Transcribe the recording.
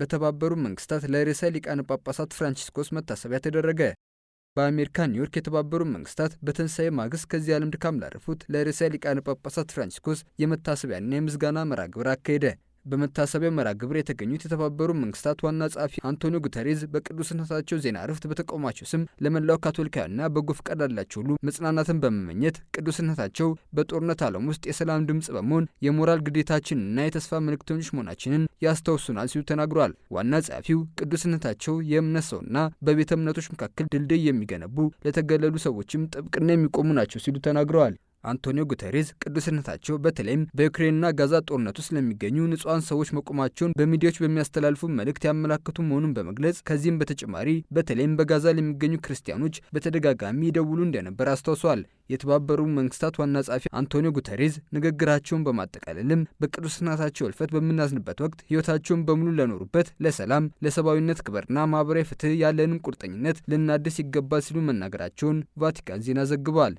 በተባበሩ መንግስታት ለርዕሰ ሊቃነ ጳጳሳት ፍራንቺስኮስ መታሰቢያ ተደረገ። በአሜሪካ ኒውዮርክ የተባበሩ መንግስታት በትንሣኤ ማግስት ከዚህ ዓለም ድካም ላረፉት ለርዕሰ ሊቃነ ጳጳሳት ፍራንቺስኮስ የመታሰቢያና የምስጋና መርሃ ግብር አካሄደ። በመታሰቢያ መርሃ ግብር የተገኙት የተባበሩ መንግስታት ዋና ጸሐፊ አንቶኒዮ ጉተሬዝ በቅዱስነታቸው ዜና ዕረፍት በተቋማቸው ስም ለመላው ካቶሊካውያንና በጎ ፍቃድ ላላቸው ሁሉ መጽናናትን በመመኘት ቅዱስነታቸው በጦርነት ዓለም ውስጥ የሰላም ድምፅ በመሆን የሞራል ግዴታችንና የተስፋ ምልክተኞች መሆናችንን ያስታውሱናል ሲሉ ተናግረዋል። ዋና ጸሐፊው ቅዱስነታቸው የእምነት ሰውና በቤተ እምነቶች መካከል ድልድይ የሚገነቡ ለተገለሉ ሰዎችም ጥብቅና የሚቆሙ ናቸው ሲሉ ተናግረዋል። አንቶኒዮ ጉተሬዝ ቅዱስነታቸው በተለይም በዩክሬንና ጋዛ ጦርነት ውስጥ ለሚገኙ ንጹሐን ሰዎች መቆማቸውን በሚዲያዎች በሚያስተላልፉ መልእክት ያመላክቱ መሆኑን በመግለጽ ከዚህም በተጨማሪ በተለይም በጋዛ ለሚገኙ ክርስቲያኖች በተደጋጋሚ ይደውሉ እንደነበር አስታውሷል። የተባበሩ መንግስታት ዋና ጸሐፊ አንቶኒዮ ጉተሬዝ ንግግራቸውን በማጠቃለልም በቅዱስነታቸው እልፈት በምናዝንበት ወቅት ሕይወታቸውን በሙሉ ለኖሩበት ለሰላም፣ ለሰብአዊነት ክብርና ማህበራዊ ፍትህ ያለንን ቁርጠኝነት ልናድስ ይገባል ሲሉ መናገራቸውን ቫቲካን ዜና ዘግቧል።